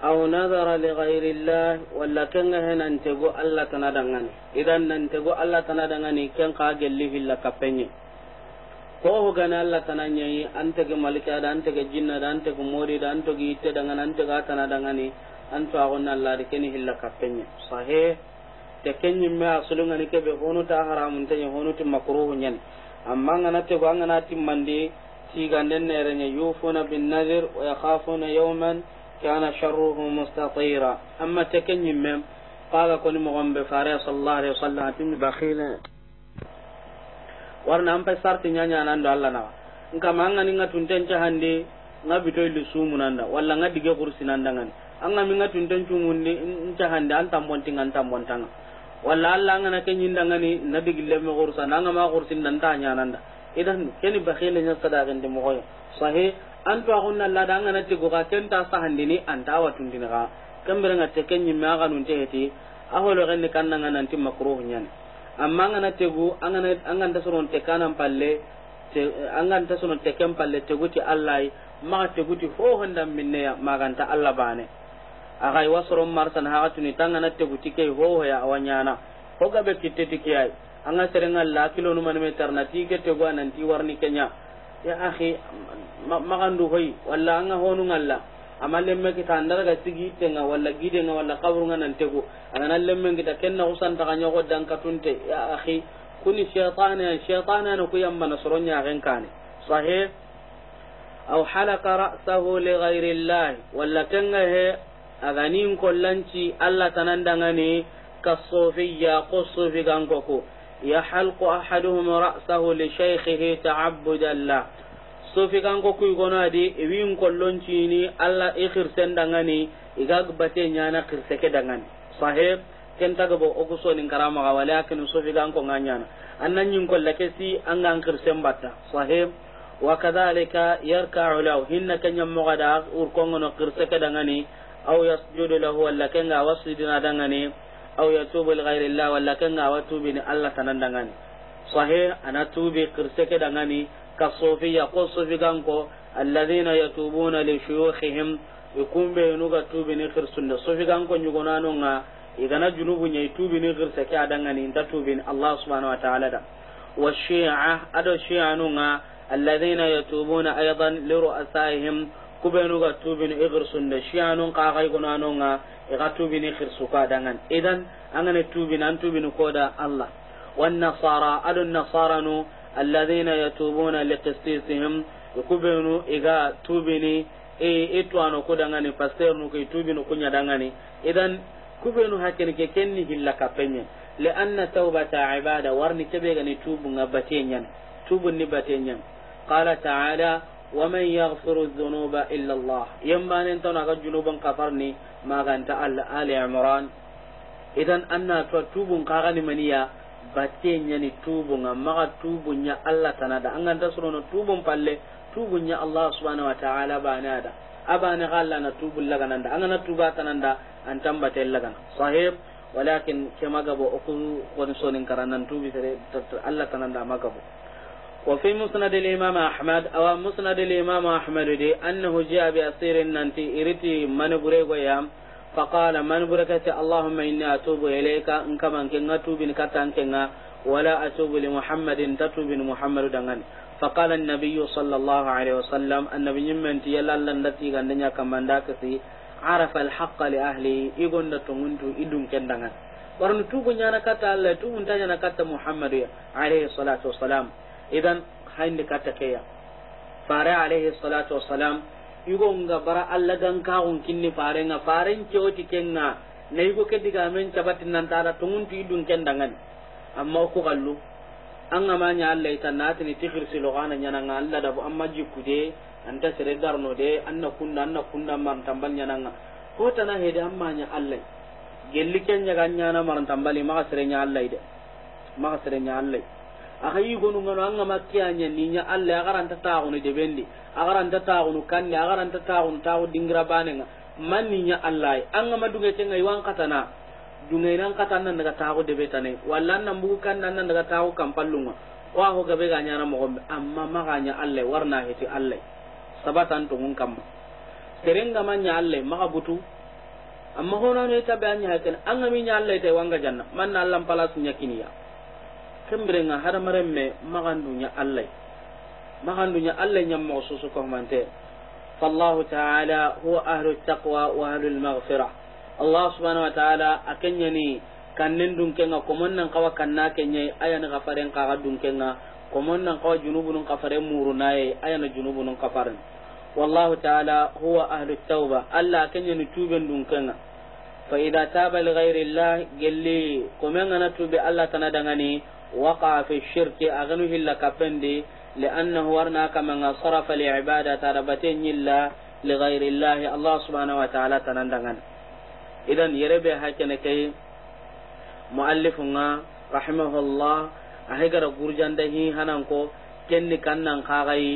aw nadara li ghairi llah walla kenga henan tego allah tana dangani idan nan tego allah tana dangani ken ka gelli hilla kapenye ko ho gana allah tana nyayi ante ge malika da ante ge jinna da ante ge mori da ante ge itte dangana ante ga tana dangani anto agonna allah de ken hilla kapenye sahih te kenyi me asulunga ke be honu ta haramun tanye honu ti makruhu nyen amma ngana te ngana timmandi tiganden ne renya yufuna bin nadhir wa yakhafuna yawman كان شره مستطيرا أما تكن يمم قال كن مغنب فاري صلى الله عليه وسلم بخيل warna an fassarti nyanya nan do Allah nawa in kama an ngani ngatun tan jahande ngabito ilu sumu nanda walla ngadige kursi nanda ngani an ngami ngatun tan cumundi in jahande an tambon tingan tambon tanga walla Allah ngana kenyin dangani me kursa nanga ma kursi ndan tanya idan keni bakhile nya sadaqin de moyo sahih an to na lada an ngana ti ka kenta sahandini anta watun dinaga kambere ngate kenyi ma ga nun a holo ganni kanna nan ti makruh nyan amma ngana tegu angana angan da sonon te kanan palle te angan da sonon te kan palle te guti allahi ma te guti ho handa minne ya maganta allah bane agai wasoron marsan hagatuni tangana te guti ke ho ya awanyana ho be kitte tikiyai anga serenga la kilo nu manme tarnati ke te gwa nan ti warni kenya ya akhi magandu hoy walla anga honu ngalla amalle me kita andara ga sigi tenga walla gide nga walla qabru nga nan tego ana lemme kita kenna usan ta kanyo ko dan katunte ya akhi kuni ya syaitana no kuyam mana soronya ren sahih aw halaka ra'sahu li ghairi allah walla kenga he aganin kollanci allah tanandangani kasofiyya qosofi gankoko يحلق أحدهم رأسه لشيخه تعبدا له sofi kan ko kuy gono adi iwin kollon cini alla i khirsen dangani iga bate nyana khirse ke dangani sahib ken taga bo o kuso nin karama ga wala kin sofi kan ko nganyana annan yin kolla ke si an gan khirsen batta sahib wa kadhalika yarka'u law hinna kan yammo gada ur kongono khirse ke dangani aw yasjudu lahu walla ken ga wasjudina dangani aw yatubu li ghairi Allah walla kan ga watubi ni Allah tanan dangani sahih ana tubi kirseke dangani ka sofiya ko sofi ganko alladhina yatubuna li shuyukhihim ikumbe nuga tubi ni kirsunda sofi ganko nyugona nonga igana junubu nyai tubi ni kirseke adangani inta tubi ni Allah subhanahu wa ta'ala da wa shi'a ado shi'a nunga alladhina yatubuna aidan li ru'asaihim kubenu ga tubini igirsun da shi anun kakai kuna nonga ga tubini khirsu ka dangan idan an gane tubini an tubini ko da Allah wan nasara adun nasara nu alladhina yatubuna liqistisihim kubenu iga tubini e itwano ko dangani pastor nu kai tubini kunya dangani idan kubenu hakini ke kenni hilla ka penye li anna tawbata ibada warni kebe gani tubun abatenyan tubun ni batenyan qala ta'ala wa illa allah ومن يغفر الذنوب إلا الله يما ننتو نغا idan قفرني ما غانت آل عمران إذن maniya توتوب قاغني منيا batte ñani tubunga maga tubunya allah da an tanada anganta sorono tubun palle tubunya allah subhanahu wa ta'ala banada abane galla na tubul an angana tuba da an antamba tellagana sahib walakin ke bo oku kon sonin karanan tubi sere allah da magabo وفي مسند الإمام أحمد أو مسند الإمام أحمد دي أنه جاء بأسير ننتي إرتي من بريغويا فقال من بركت اللهم إني أتوب إليك إنك من كنا توب إنك ولا أتوب لمحمد تتوب محمد دنان فقال النبي صلى الله عليه وسلم النبي من تيلا لندتي غندنيا كمان داكسي عرف الحق لأهلي إيغون تونتو إدون كندغن warnu tugu nyana kata Allah tugu tanya na kata Muhammad ya alaihi salatu wassalam idan hande katta keya fare alaihi salatu wassalam igo nga bara alla gan kaxun kinni fare nga na igo ke ken amma kallu an ga manya Allah ita na tini nyana nga da bu amma anta sere de anna kunna anna kunna man tambal nyana nga ko hede amma nya Allah gelli ken nyana tambali ma sere nya Allah ma sere nya Allah aka yi gonu ngano anga makkiya ni nya alla agaranta taagunu de bendi agaranta taagunu kanni agaranta taagunu taagu dingira man manni nya alla anga madunga tenga iwan katana dunai nan katana daga tawo de betane walla nan bugu kanna nan daga taagu kampallunga wa ho gabe ga nyana mo gombe amma maganya alla warna heti alla sabatan to mun serenga man nya alla maga butu amma hono ne tabe anya hakan anga nya alla ita wanga janna man Allah palas nya kiniya nga kembirenga me magandunya allai magandunya allah ñammogo susu kohmante فالله تعالى هو أهل التقوى وأهل allah subhanahu wa ta'ala أكنني kannen dun kenga komon nan kawa kanna kenye na gafaren kaga dun kenga komon nan kawa junubun nun kafaren muru naye ayana junubu nun kafaren wallahu ta'ala huwa ahlu tauba allah kenye ni tuben dun kenga fa idha taba li ghairi allah gelli komen na tube allah tana dangani وقع في الشرك أغنه هلا كفندي لأنه ورنا كما صرف لعبادة ربتين إلا لغير الله الله سبحانه وتعالى تنندغن إذن يربي هكذا كي مؤلفنا رحمه الله أهجر قرجان دهي هنانكو كن كنن قاغي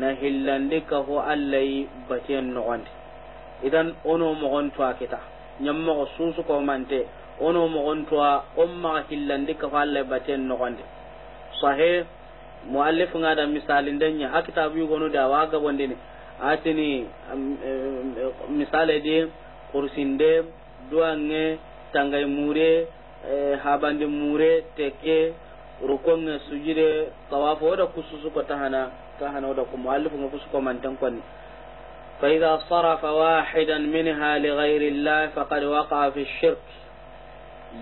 نهلان ديكه اللي بتين نغند إذن أنو مغنتوا كتا نمغ سوسكو منتي ono mogontowa on maga hillandi kafa allah baten nogondi sahe muallif nga da misalin danya a kitabu yugo da waga ga bondini atini eh, misale de kursinde duange tangay mure eh, habande mure teke rukonge sujire tawafo da kususu ko tahana tahana da ku muallif nga kusu ko mantan kon فإذا صرف واحدا منها لغير الله فقد وقع في الشرك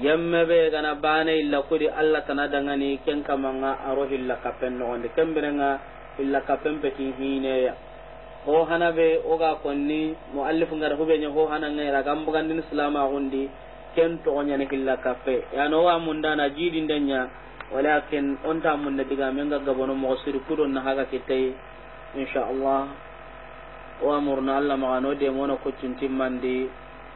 yemme be gana bane illa kudi alla tana dangani ken kamanga aro illa kapen no onde ken berenga illa kapen pe hine ya ho hana be oga konni muallif ngar hubbe nya ho hana ngai ragam bugan din salama hundi ken to onya ne illa kape ya no wa munda na jidi ndenya walakin onta munne diga menga gabono mo siri kudo na haga kitai insha allah wa murna alla ma no de mona ko mandi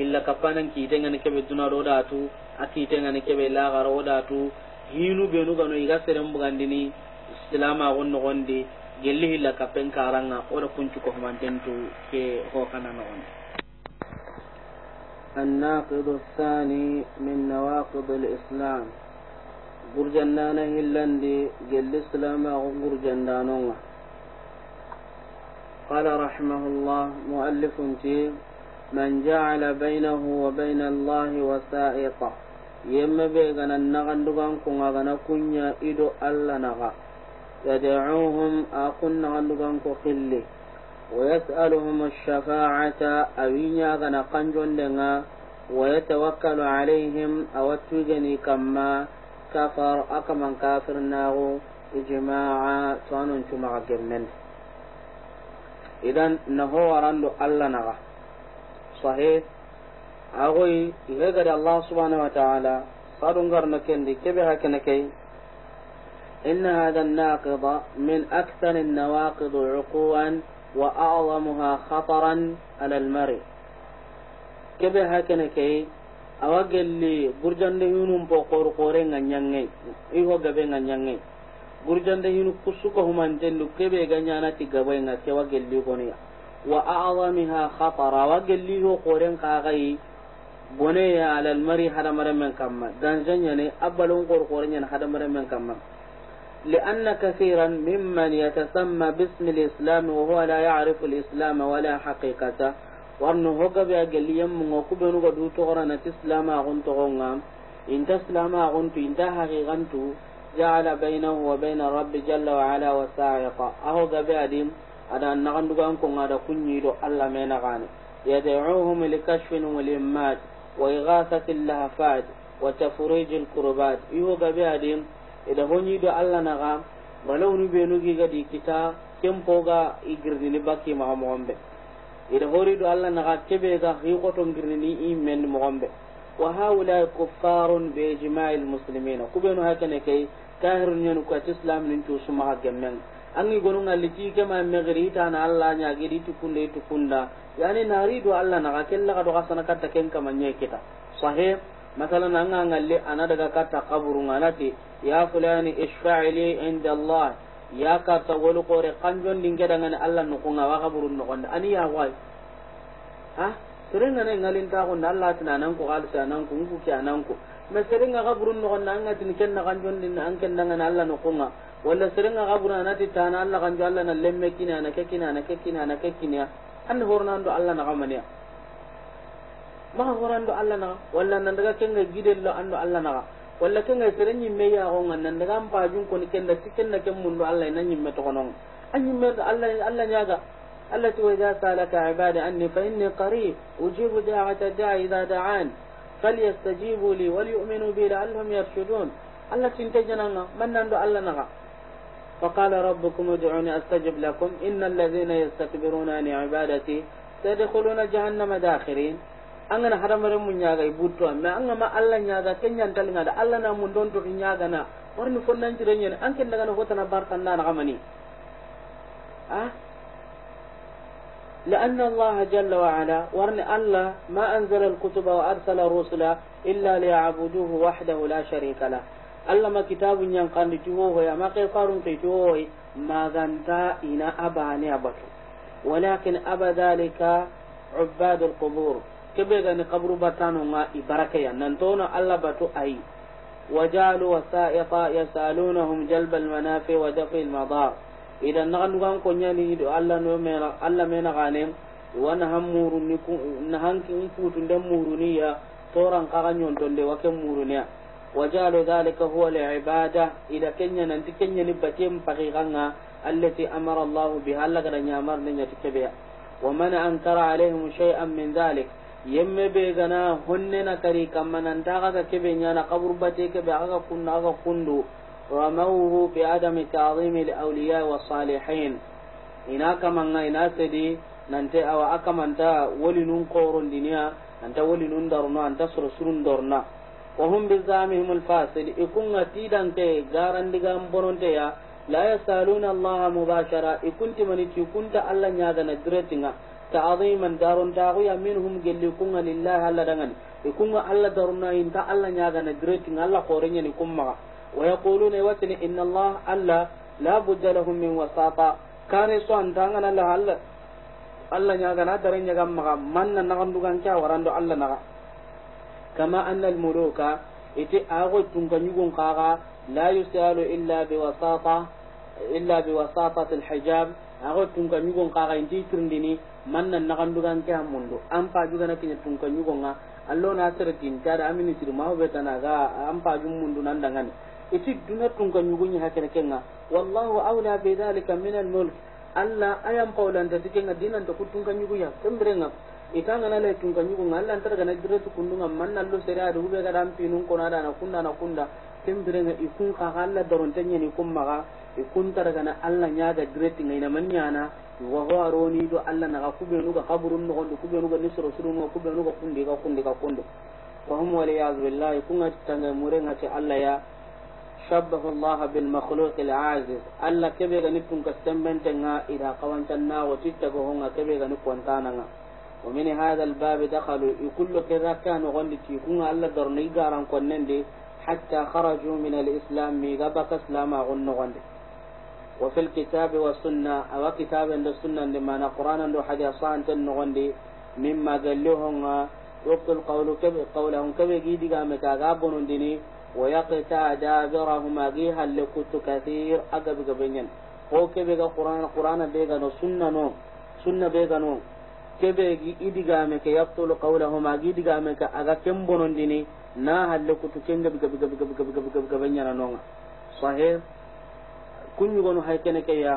illa kapanan kite ngani kebe duna do datu akite ngani kebe la garo datu hinu be nu gano iga serem bugandini islama gonno gondi gelli illa kapen karanga ora kunchu ko mantentu ke ho kana no on الناقض الثاني من نواقض الإسلام برجنان هلاندي جل الإسلام برجنانونا قال رحمه الله مؤلف تيه من جعل بينه وبين الله وسائطا yemme be gana كون kunga gana kunya ido allah naga yadcuhum a kun nagandugan ko xille ويسألهم الشفاعة أوينيا غنا قنجون دنا ويتوكل عليهم او توجني كما كفر أكمن كافر ناغو إجماعا تانون شمع جمن اذا نهو رندو ألا نغا sahih agoy ngagadi allah subhanahu wa ta'ala sadun garna kendi kebe hakene kay إن هذا الناقض من أكثر النواقض عقوا وأعظمها خطرا على المرء كبه هكنا كي أوجل لي برجان دهينو بقور قورين عن ينعي إيهو جبين عن ينعي برجان دهينو كسوكه من تندو كبه غنيانا تجبين عن كي أوجل لي كونيا وأعظمها خطرا وقال له قرن قاغي بني على المري هذا مرم من كما دان زنيني أبلون قر قرن يعني هذا مرم من كما لأن كثيرا ممن يتسمى باسم الإسلام وهو لا يعرف الإسلام ولا حقيقته وأنه هو قبيا قال لي يمم وكبنو قدو تغرنا تسلاما غنتو غنغام إن تسلاما غنتو إن تهغي غنتو جعل بينه وبين رب جل وعلا وساعقا أهو قبيا ada nagandugan ko ngada kunyi do Allah me nagani yad'uuhum likashfin walimmat wa ighathatil lahafat wa tafrijil kurbat iyo gabe adim ida honyi do Allah naga walawnu benu gi gadi kita kempoga igirni ni baki ma mombe ida hori do Allah naga kebe ga hiqoto ngirni ni imen mombe wa haula kuffarun bi ijma'il muslimin kubenu hakane kai kahirun yanu ka islam nin to suma gemmen angi gonunga liki kema megri na alla gidi tukun tukunda e tukun da yani naridu alla na kella ka do sana katta ken kama nye kita masala na nga ngalle ana daga katta qaburunga nati ya fulani ishfa'ili inda allah ya ka tawul qore kanjon dinge daga ne alla kunga wa no nukonda ani ya wai ha serenga ne ngalin ta ko nalla tana nan ko alsa nan ko ngu kya nan ko ma serenga ga no gonna anga tin kenna na kanjon din an kenna dangan Allah no kunga walla serenga ga na ti tana Allah kanjo Allah na lemme kina na ke kina na ke kina na ke kina an horna ndo Allah na kamaniya ma horna ndo Allah na wala nan daga ken ga lo an do Allah na wala ken ga serenyi me ya gonga nan daga jun ko ni ken da tiken na ken mun do Allah nan yimme to konon an yimme Allah Allah nyaga التي وإذا سألك عبادي عني فإني قريب أجيب داعة الداعي إذا da'an فليستجيبوا لي وليؤمنوا بي لعلهم يرشدون الله تنتجنا من نندو الله نغا فقال ربكم ادعوني استجب لكم ان الذين يستكبرون عن عبادتي سيدخلون جهنم داخرين angana hadamare mun ñaga butto amma anga ma Allah ñaga kenyan talinga da Allah na mu don to ñaga na warni fonnan ci renyen an ken daga no hotana na na kamani لأن الله جل وعلا ورن الله ما أنزل الكتب وأرسل الرسل إلا ليعبدوه وحده لا شريك له الله ما كتاب ينقل لتوه يا ما قيصار جوه ما ذنتا إنا أباني أبتو ولكن أبى ذلك عباد القبور كبيغن قبر ما إبركيا ننتون الله بتو أي وجعلوا وسائط يسألونهم جلب المنافع ودفع المضار idan konya ni do allah no mena allah mena na wa nahan muruni nahankin putunde muruniya toran kaxa ñontonde wa ken wa jalo dalika huwa alibada ida kenya nanti kenya ni batem pakikanga allati amara allah bi allah gada nyamar ne nyati kebeya wa man ankara alaihim shay'an min dhalik yemme be gana honne na kari kamman nan ta ga kebe nyana kabur bate kebe aga kunna aga kundu رموه بعدم تعظيم الأولياء والصالحين إنا كما إنا سدي ننتي أو أكما أنت ولنون قور الدنيا أنت ولنون درنا أنت سرسل ندرنا وهم بزعمهم الفاسد إكونا تيدا تي جارا ديغان بونون تيا لا يسألون الله مباشرة إكنت منتي كنت ألا نياغا نجرتنا تعظيما دار تاغيا منهم جل يكون لله ألا دغن يكون ألا درنا إنت ألا نياغا ندرتنا ألا قورين يكون مغا ويقولون وتن إن الله ألا لا بد لهم من وساطة كان يسوان تانغنا الله ألا ألا نيغانا درين يغام مغا من نغم دوغان كا وراندو ألا نغا كما أن الملوك إتي آغو تنغن يغن قاغا لا يسأل إلا بوساطة إلا بوساطة الحجاب آغو تنغن يغن إن دي ترنديني من نغم دوغان كا مندو أمفا جوغانا كي تنغن يغن allo na tere كار أمين amini sir ma be tanaga am pa jum mundu nan iti duna tunga nyugunya hakene kenga wallahu aula bi dhalika min al mulk alla ayam qawlan da tikenga dinan to kutunga ya kembrenga itanga na le tunga nyugunya alla antar gana diretu kundunga manna lu sera du be gadam pinun kona dana kunda na kunda kembrenga ikun ka alla daron tanya ni kumma ikun tar gana alla nyaga greti ngaina na wa waroni do alla na nu ga kaburun no kondo nu ga nisro surun nu ga kundi ga kundi ga kundi wa hum wal yaz billahi kunga tanga murenga ti alla ya شبه الله بالمخلوق العاجز الله كبه غنكم تنغا إذا قوانتنا كبير كبه غنكوانتانا ومن هذا الباب دخلوا يقولوا كذا كانوا غندتي كون الله درني غاران كونندي حتى خرجوا من الإسلام ميغبك إسلاما غنو غندي وفي الكتاب والسنة أو كتاب السنة لما نقران عند حديثان تنغندي مما قال لهم وقت القول كبه قولهم كبه جيدي قامت ديني ويقطع دابرهما جيها لكت كثير أجب قبنين هو يقرأ قرآن القرآن بيجانو سنة نو سنة يجي إدي جامك يبطل قولهما جامك أجا كم ديني نا هل لكت كم جب جب جب جب جب جب جب قبنين نو صحيح كن هاي كنا يا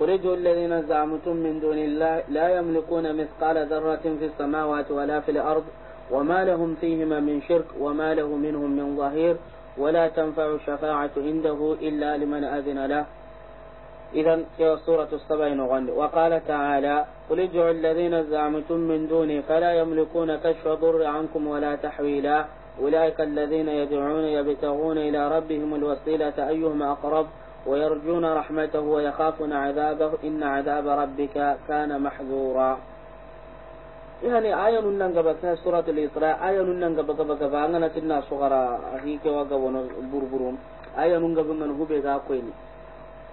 قرجوا الذين زعمتم من دون الله لا يملكون مثقال ذرة في السماوات ولا في الأرض وما لهم فيهما من شرك وما له منهم من ظهير ولا تنفع الشفاعة عنده إلا لمن أذن له إذا في سورة السبعين نغند وقال تعالى قل ادعوا الذين زعمتم من دوني فلا يملكون كشف ضر عنكم ولا تحويلا أولئك الذين يدعون يبتغون إلى ربهم الوسيلة أيهم أقرب ويرجون رحمته ويخافون عذابه إن عذاب ربك كان محذورا ihani aya nun nan gaba ka suratul isra aya nun nan gaba gaba gaba an na tinna sugara ahi ke waga wono burburum aya nun gaba ngan hube ga ko ni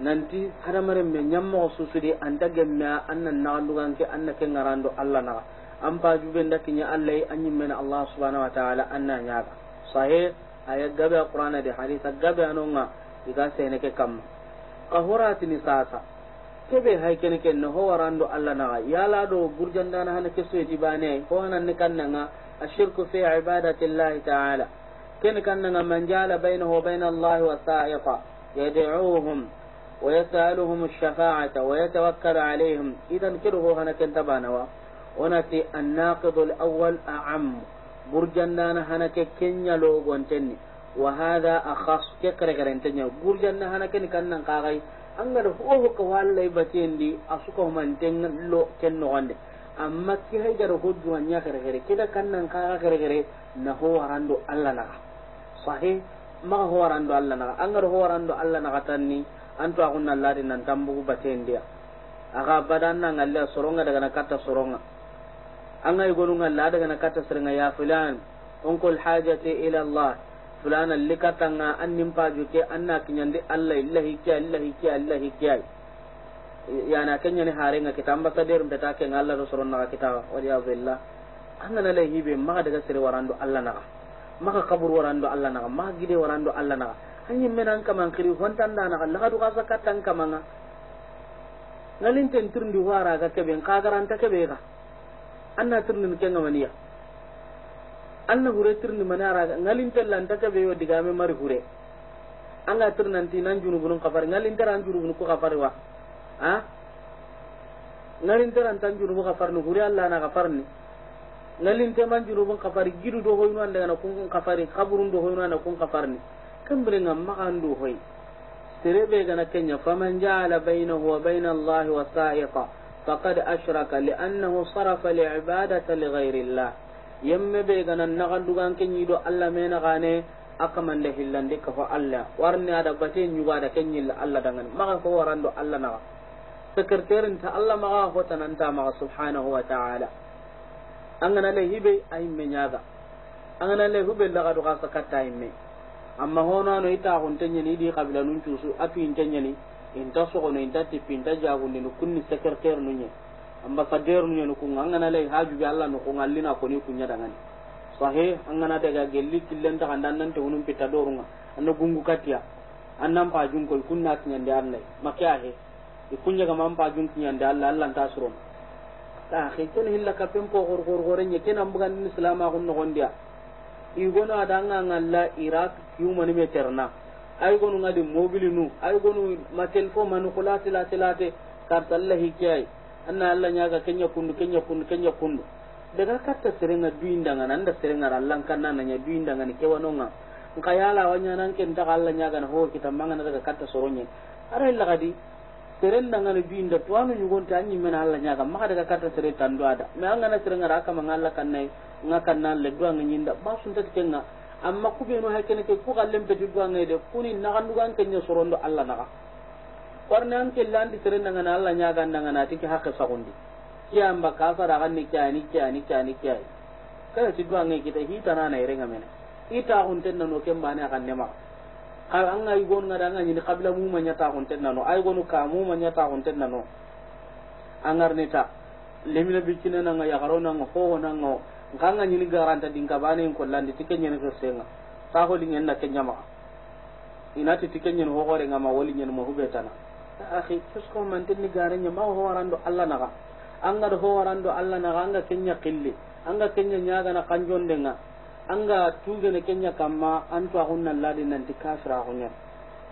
nanti hadamare me nyammo susu de anda gemma annan na lugan ke anna ke ngarando allah na an ba jube ndakinya allah an men allah subhanahu wa ta'ala anna nyaga sahih aya gabe qur'ana de hadisa gabe anonga iga sene ke kam qahuratin ni kebe hay ken kenne ho warando alla naga yala do na hana keso eti bane ko hanan ne kannanga ashirku fi ibadati llahi ta'ala ken kene kannanga manjala baina wa baina allahi wa sa'iqa yad'uuhum wa yas'aluhum ash-shafa'ata wa yatawakkalu alayhim idan kido ho hana tabana wa onati an-naqidu al-awwal a'am na hana ke kenya lo gontenni wa hadha akhas ke kare kare tenya burjanna hana kene kannan kagai angada hoho ka wallay batendi asuka humanten lo ken nogonde amma ki hay gada hojjuwa nya kare kare kida kannan kaga kare kare na ho warando allah naga sahi ma ho warando allah naga angada ho warando allah naga tanni antu agunna ladi nan tambugu batendiya aga badan nan alla soronga daga na katta soronga angay gonunga la daga na katta soronga ya fulan unkul hajati ila allah fulana likatanga an nimpaju ke anna kinyande allah illahi ke allahi ke allahi ke yana kenya ne hare nga kita ambassador mbeta ke ngalla na kita wali azilla daga allah kabur allah gide allah kiri da ga kebe kebe ga anna kenga maniya anna hure tirni manaraga ngalintellanta keɓeyo digame mari hure anga tir nan kafar kafari ngalintera an junubunu ku kafari wa tan junu antan kafar kafarni hure allah na ngalin te man junubun kafari gidu do hoyno daga na kun kafari kaburun do hoyno na kun kan kambire ngam do hoy ga gana kenya faman ja'ala bainahu wa bain allahi wasa'iqa faqad ashraka li'annahu sarafa li'ibadati li ghayri allah yemme be na gandu gan kenyi do Allah me na gane man da hillande ka fa Allah warni ada bate nyuga da kenyi Allah dangan maka ko do Allah na sekretarin ta Allah maka ko tananta maka subhanahu wa ta'ala an gana le hibe ay me nyaga an gana le da daga do ka sakata imme amma hono no ita kun tanya ni di kabila nun tusu atu in tanya ni in ta so no in ta tipi in ta jagunde kunni sekretar nunye ambassadeur nyonu ku ngana lay haju bi Allah no ko na ko ni nyada ngani sahe angana daga gelli killen ta handan nan te hunum pitta dorunga anna gungu katia anna pa jun ko kunna tinya nda Allah makya he e kunya ga mam pa jun tinya nda Allah Allah ta suron ta he ken hilla ka pem ko gor gor gor nye ken ambugan ni islam a no gondia i gono adanga ngalla iraq human me na ay gonu ngadi mobile nu ay gonu ma telefon manu kula tila tilate kartalla kiyai anna alla nyaga kenya kundu kenya kundu kenya kundu daga katta serenga duinda ngana anda serenga allan kanna nanya duinda ngani kewanonga nka yala wanya nan ken daga alla nyaga na ho oh, kita mangana daga katta soronye ara illa gadi serenda ngana duinda to anu nyugon anyi mena alla nyaga maka daga katta sere tandu ada me angana serenga raka mangalla nga kanna le duanga nyinda basun tatkenga amma kubenu hakene ke ku gallem petu duanga ngede kuni nagandugan kenya sorondo Allah naga kornan kellan di sere nan Allah nya gan nan ti tiki hakka sagundi kiyan ba ka fara gan ni kiyani kiyani kiyani kiyani kada ti duwa ngai kita hita na na irenga mena ita hunten na no kemba ne kan nema kar an ngai gon ngada ngani ni qabla mu manya ta hunten nan ai gonu ka mu manya ta hunten nan angar ne ta lemina bikina na ngai garo ngo ho na ngo kanga ni garanta ka bane en kollandi tikenya ne senga ta ho lingen na kenya ma inati tikenya ho gore ngama woli nyen mo hubetana akhi tusko man tinni garanya ma ho warando Allah naga anga do ho warando Allah naga anga kenya qilli anga kenya nyaga na kanjondenga anga tuge ne kenya kamma antu agunna ladi nanti kafira agunya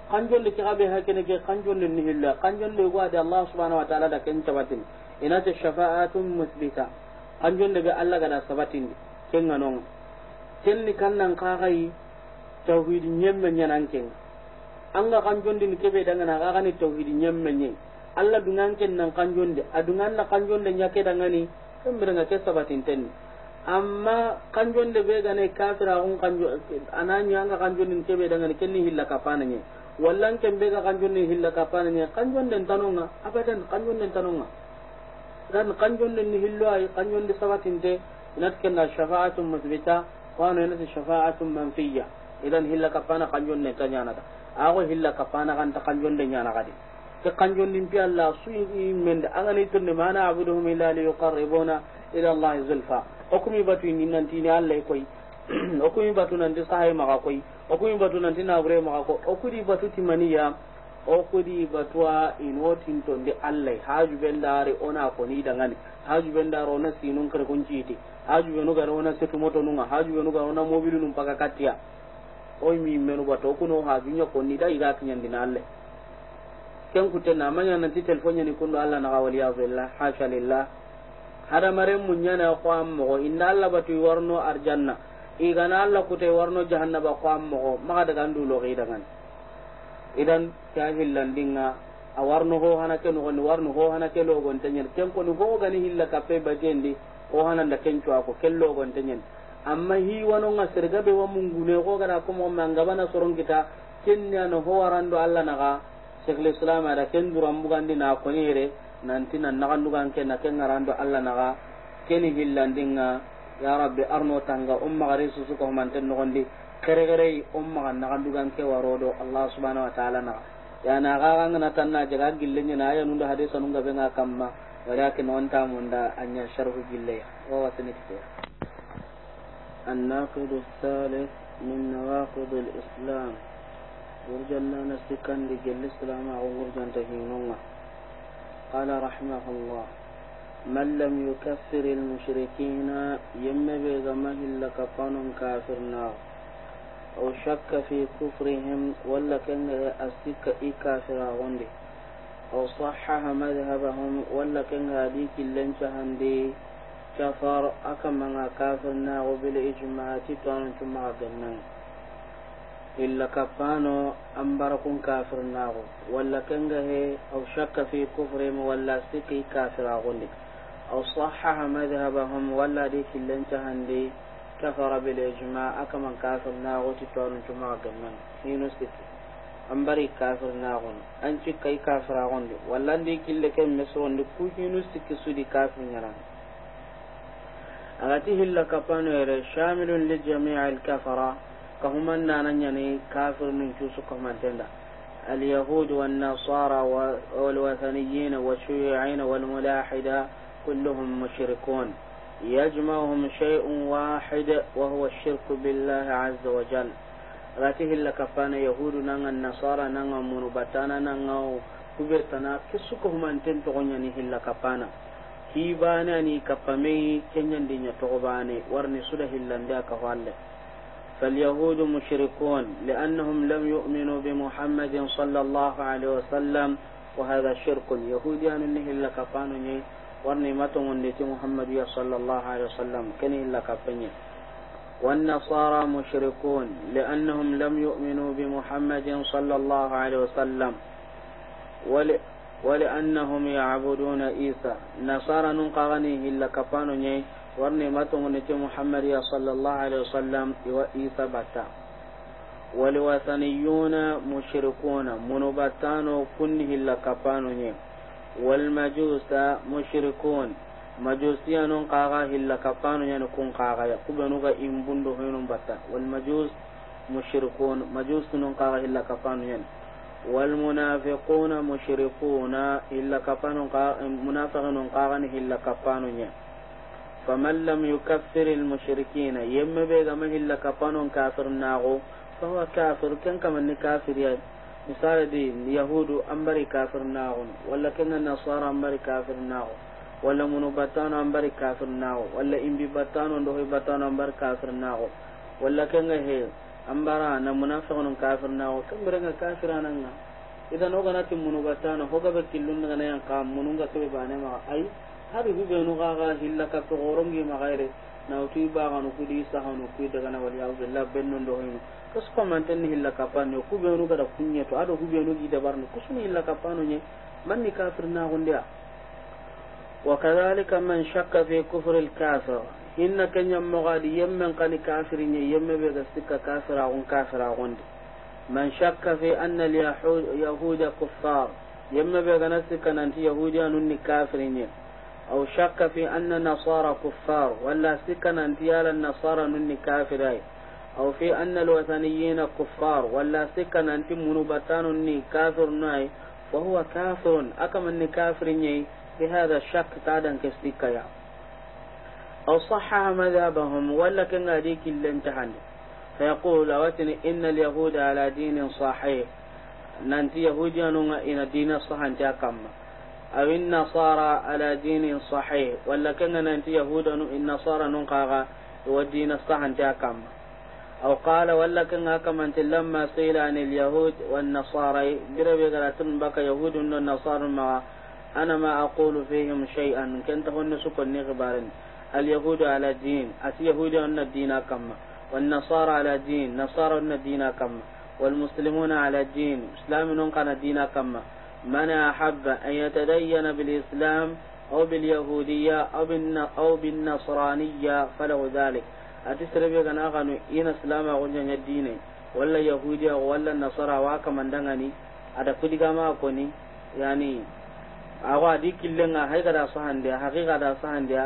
kanjonde ki ha hakene ke kanjonde nihilla hilla kanjonde go ade Allah subhanahu wa ta'ala da ken tabatin ina ta shafa'atun musbita kanjonde ga Allah ga da sabatin kenga non kenni kannan kagai tauhid nyemme nyanan kenga anga kanjon din ni kebe daga na ga ni tauhid nyemme allah alla dungan ken nan kanjon de adungan na kanjon de nyake daga ni kambira nga ke sabatin tenni amma kanjon de be ga kafira un kanjo ananya anga kan jondi kebe daga ni kenni hilla kapana nyi wallan ken be ga kanjon ni hilla kapana nyi kan jondi tanonga abadan kanjon den tanonga dan kanjon den ni hillo ay kanjon de sabatin te nat ken na shafa'atun musbita wa na inat shafa'atun manfiya idan hilla kapana kanjon ne tanyana ako hilla kapana kan ta kanjon de nyana kadi ke kanjon din pi Allah su men da an ne tunne mana abudu illa li yuqarribuna ila Allah zulfa hukumi batu ni nan tini Allah koi hukumi batu nan din sahay maka koi hukumi batu nan din abure maka ko hukumi batu timaniya hukumi batu a hukudi batwa inotin tonde Allah haju bendare ona ko ni dangan haju bendare ona sinun kar kunjiti haju benu garona setu moto nunga haju benu garona mobilu num paka oy mi menu bato kuno ha ginya konni da iga kinya dina alle ken kute na manya nan ti telefon ni kundo alla na wali ya billah hasha lillah hada mare munya na ko ammo inda alla batu warno arjanna iga na alla kute warno jahannaba ko ammo maka daga ndulo ga idan idan kahillan dinga a warno ho hana ko no warno ho hana ke lo tanyen ken ko ni ho gani hilla kape bajendi ko hana da ken ko kello gon tanyen amma hi wanonga be wa mungune ko kada ko mo sorong kita kenya no ho warando alla naga sekle islam ada ken duram bugandi na ko nyere nanti nan naga ndugan ken na ken ngarando alla naga keni hillandinga ya rabbi arno tanga umma su susu ko man no nogondi kere kere umma kan naga ndugan ke warodo allah subhanahu wa ta'ala na ya na ga na tanna jaga gillenya na ya nunda hadisa nunga benga kamma walakin on ta munda anya sharhu ya wa wasni tiya الناقض الثالث من نواقض الإسلام ورجل لنا سكن لجل الإسلام أو ورجل الله قال رحمه الله من لم يكفر المشركين يم بيغمه لك قانون كافر نار أو شك في كفرهم ولا كان أسك إي كافر أو صحح مذهبهم ولا كان هذيك اللي كفر أكما كافرنا وبالإجماع تتوان ثم أغنى إلا كفانو أمبركم كافرنا ولا كنغه أو شك في كفرهم ولا سكي كافر أغنى أو صحح مذهبهم ولا ديك لنتهن دي كفر بالإجماع أكما كافرنا وتتوان ثم أغنى هينو سكي أمبري bari kafir أنت كي كافر ci ولا ديك اللي كان walla ndi kille سودي meso ndi أغاتيه إلا كفانو شامل لجميع الكفرة كهما نانياني كافر من شوسو كهما اليهود والنصارى والوثنيين والشيوعين والملاحدة كلهم مشركون يجمعهم شيء واحد وهو الشرك بالله عز وجل أغاتيه إلا كفانو يهود نانا النصارى نانا منوباتانا نانا كبرتنا كسو كهما تندا غنياني إلا كفانو hibana ni kapame kenyan dinya togobane warni suda hillanda ka walle فاليهود مشركون لأنهم لم يؤمنوا بمحمد صلى wa hadha وسلم yahudiyan شرك يهودي kafanu ni إلا كفانني ورني ti محمد صلى الله عليه وسلم كني إلا كفني والنصارى مشركون لأنهم لم يؤمنوا بمحمد صلى الله عليه وسلم ولأنهم يعبدون عيسى نصارى ننقغني إلا كفانوني ني ورني ماتون محمد صلى الله عليه وسلم وعيسى باتا ولوثنيون مشركون منبتانو كنه إلا كفانوني والمجوس مشركون مجوسيا non إلا hilla kafanu قاغا kun kaga ya kuba nuga imbundo hoynon batta wal majus mushrikun majus والمنافقون مشركون إلا كفان منافقون قاغن إلا كفان فمن لم يكفر المشركين يم بيغا ما إلا كفان كافر ناغو فهو كافر كن كمن كافر يعني مثال دي يهود أمبري كافر ناغو ولا كن النصارى أمبري كافر ناغو ولا منوبتان أمبري كافر ناغو ولا إمبي بتان وندوهي بتان أمبر كافر ناغو ولا كن هيل ambara na munafiqun kafirna o sumbirenga kafirananga idan ogana timmunugatana hogaɓe killunnagana yan kam mununga keɓe banemaxa ay hari huɓenu xaxa hilla kappe na nawtu i baxanu kuɗi i saxanu kui dagana waliyaubillah bennondoxoyno kas komantenni ku be kuɓenu gada kuñeto aɗo huɓenu gi dabarni kusuni hilla kappano ñe manni kafirnaxunde a wa kadhalika man shakka fi kufre kafir inna kanya magadi yemmen kani kafiri ne yemme be ga sikka kafira gon kafira gon man shakka fi anna al yahuda kuffar yemme be ga sikka nan ti yahudiya nun ni kafiri ne aw shakka fi anna nasara kuffar walla sikka nan ti yala nasara nun ni kafirai aw fi anna al wathaniyina kuffar walla sikka nan ti munubatanun ni kafir nai fa huwa kafirun akaman ni kafirin ne bi hada shakk tadan ke sikka ya أو صحح مذهبهم ولا هذيك اللي انتهن فيقول أوتني إن اليهود على دين صحيح ننتي يهوديا إن دين صحن تاكما أو النصارى على دين صحيح ولا كان ننتي إن النصارى ننقاغا ودين صحن تاكما أو قال ولا كما أنت لما سئل عن اليهود والنصارى بربي قالتن بك يهود والنصارى ما أنا ما أقول فيهم شيئا كنت هن سكن غبارين اليهود على دين اليهود أن الدين كما والنصارى على دين نصارى أن الدين كما والمسلمون على دين مسلم كان الدين كما من أحب أن يتدين بالإسلام أو باليهودية أو, بالن... أو بالنصرانية فله ذلك أتسر بيك أن أغنو إن إسلام أغنجن الدين ولا يهودية ولا نصارى واكا من دنغني ada kudigama أكوني يعني awa di killenga hay gada sahande haqiqa da sahande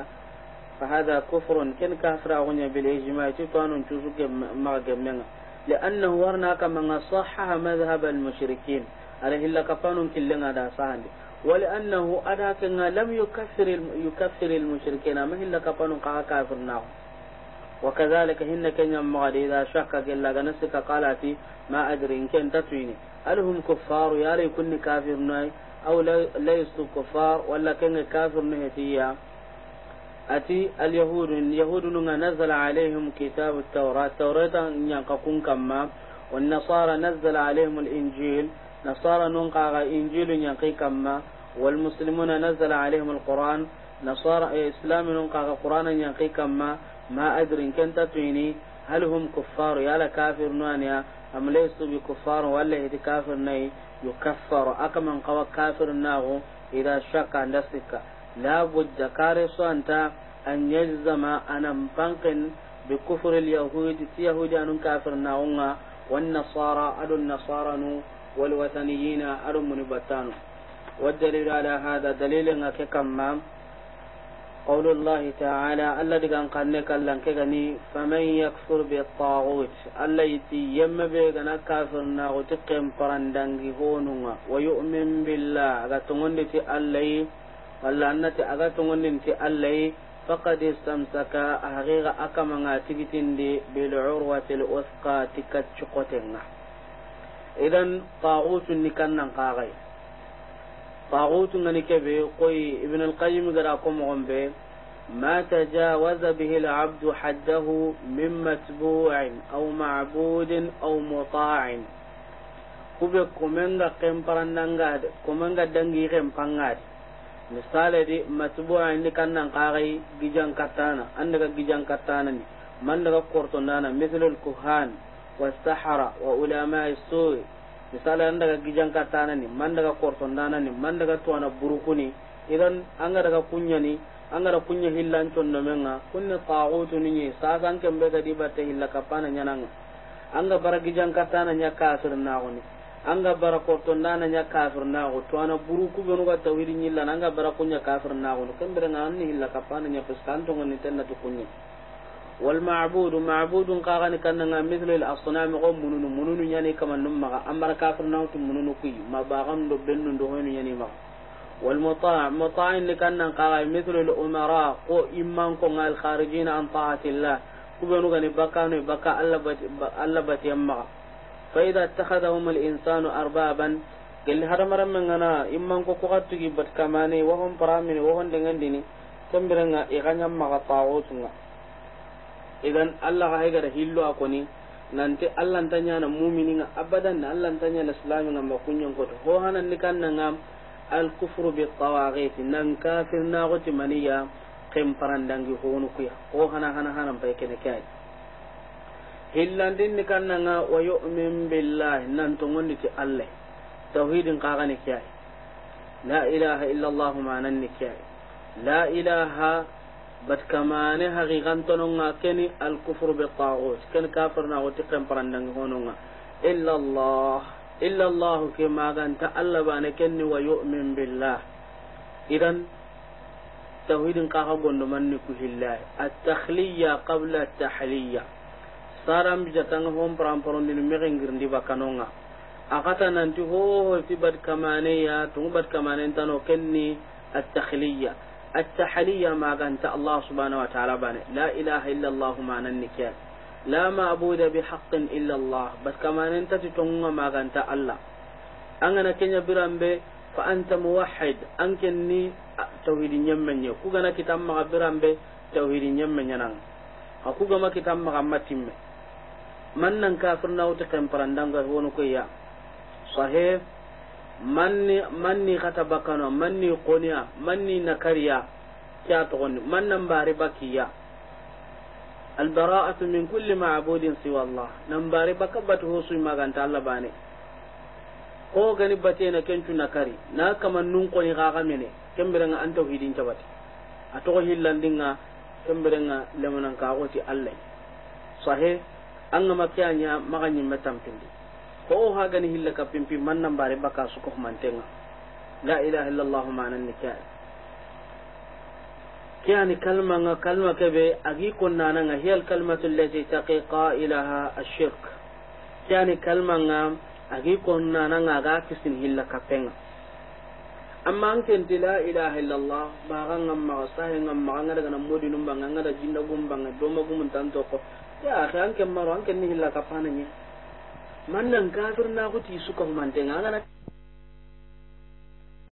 فهذا كفر كن كافر أغنيا بالإجماع تطان تزوك مع جمعنا لأنه ورناك من صحها مذهب المشركين أره إلا كفان كلنا دا صحن ولأنه أداك لم يكفر يكفر المشركين ما إلا كفان قا كافرنا وكذلك هن كن يمغد إذا شك إلا غنسك قالتي ما أدري إن كن تتويني هل هم كفار يا كن كافرنا أو ليسوا كفار ولا كن كافر نهتيا ati اليهود اليهود نزل عليهم كتاب التوراة توراة ينققون كما والنصارى نزل عليهم الإنجيل نصارى ننقى إنجيل ينقي كما والمسلمون نزل عليهم القرآن نصارى إسلام ننقى قرآن ينقي كما ما أدري إن كنت تيني هل هم كفار يا كافر نوانيا أم ليسوا بكفار ولا هدي كافر ني يكفر أكمن قوى كافر ناغو إذا شك عند سكة la budda kare so anta an yajzama anan bankin bi kufur al yahud ti yahud an kafir na wonna wan nasara al nasara nu wal wasaniyina arum mun batanu wajjalira hada dalilan ka kamma qawlu allah ta'ala alladhi kan kanne kallan ke gani faman yakfur bi ta'ut allati yamma be gana kafir na o tikem parandangi honunga wayu'min billah ga tungon allai walla ta aga tongondinti allahi faqad istamsaka ahaqiqa akamanga tigitindi usqa tikat tikkaccokotenga idan tagutunni kannan kaxay taagutungani kebe koi ibn qayyim gara ko mogon ma ما تجاوز به haddahu حده من متبوع أو معبود أو مطاع kube kumenga kemparandangade kumenga dangi kempangade misale di matbu'a indi kannan qagai gijan katana daga gijan katana ni man daga korto ndana mislul kuhan wa sahara wa ulama'i misali misale daga gijan katana ni man daga korto ndana ni man daga tuwana burukuni idan ga daga kunya ni an ga kunya hillan tondo menga kunni taqutu ni sasan kembe ga dibata hilla kapana nyananga ga bara gijan katana nya kasir na ni an anga bara korto ndana nya kafir na go to ana buru ku be nuga tawhid nyilla ga bara kunya kafir na go kan bere na la ka kapana nya peskan to ngani tanna to kunya wal ma'bud ma'budun ka gani kan nga mithlu al asnam go mununu mununu nya ni kaman num ma amara kafir na to mununu ku ma ba gam do bennu do ni nya ne ma wal muta' muta'in kan na ka mithlu al umara ko imman ko ngal kharijina an ta'atillah ku be nuga ni bakka no bakka Allah bat Allah bat فإذا اتخذهم الإنسان أربابا قال هذا مرة من أنا إما أنكو قد جيبت كماني وهم برامني وهم دنجن ديني تنبرنا إغانيا مغا طاغوتنا إذن الله هيغر هلو أكوني nanti allah tanya na mumini nga abadan na allah tanya na islami nga makunyong ko ho hanan ni kan nga al kufru bi tawaghit nang kafir na goti maniya kem parandangi ho nu kuya ho hana hana hanan pai kene kai hillandin ni nanga wa yu'min billahi nan to ngondi ti allah tauhidin kagani kiyai la ilaha illa allah nan ni kiyai la ilaha bat kamane haqiqan tononga keni al kufru bi taghut ken kafir na wati kan parandang hononga illa allah illa allah ke maganta allah bane kenni wa yu'min billah idan tauhidin kaga gondo manni ku hillahi at tahliya qabla at tahliya saran bija tanga hom paramparon din mege ngirndi bakanonga akata nanti hoho ti bad kamane ya tungu bad kamane tano kenni at-takhliya at-tahliya maganta Allah subhanahu wa ta'ala bane la ilaha illa Allah manan nikya la ma'buda bi haqqin illa Allah bad kamane tati tungu maganta Allah angana kenya birambe fa anta muwahhid an kenni tauhidin nyammenye kugana kitamma birambe tauhidin nyammenye nan akugama kitamma kamatimme man nan kafir na wuta kan farandan wono ko ya sahih manni manni kata bakano manni qoniya manni nakariya kya to gonni man nan bakiya al bara'atu min kulli ma'budin siwa Allah nan bakabatu maganta Allah bane ko gani bate na kencu nakari na kaman nun qoni ga ga mene an tauhidin hillandinga ka Allah sahih an ga makiyanya maganyin matampindi ko ha gani hilla ka pimpi man nan bare baka su ko mantenga la ilaha illallah nan nikah kiyani kalma nga kalma be agi kon nan nga hiyal kalmatul lati taqi qailaha ash-shirk kiyani kalma nga agi kon nan nga ga kisin hilla ka penga amma an kenti la ilaha illallah ba ga ngam ma sahin ngam ma ga daga nan modi num da jinda gum banga do ma gum tanto ko ya ta an kan maro an kan nihilla ka fananye man nan kafir na kuti suka humante ngana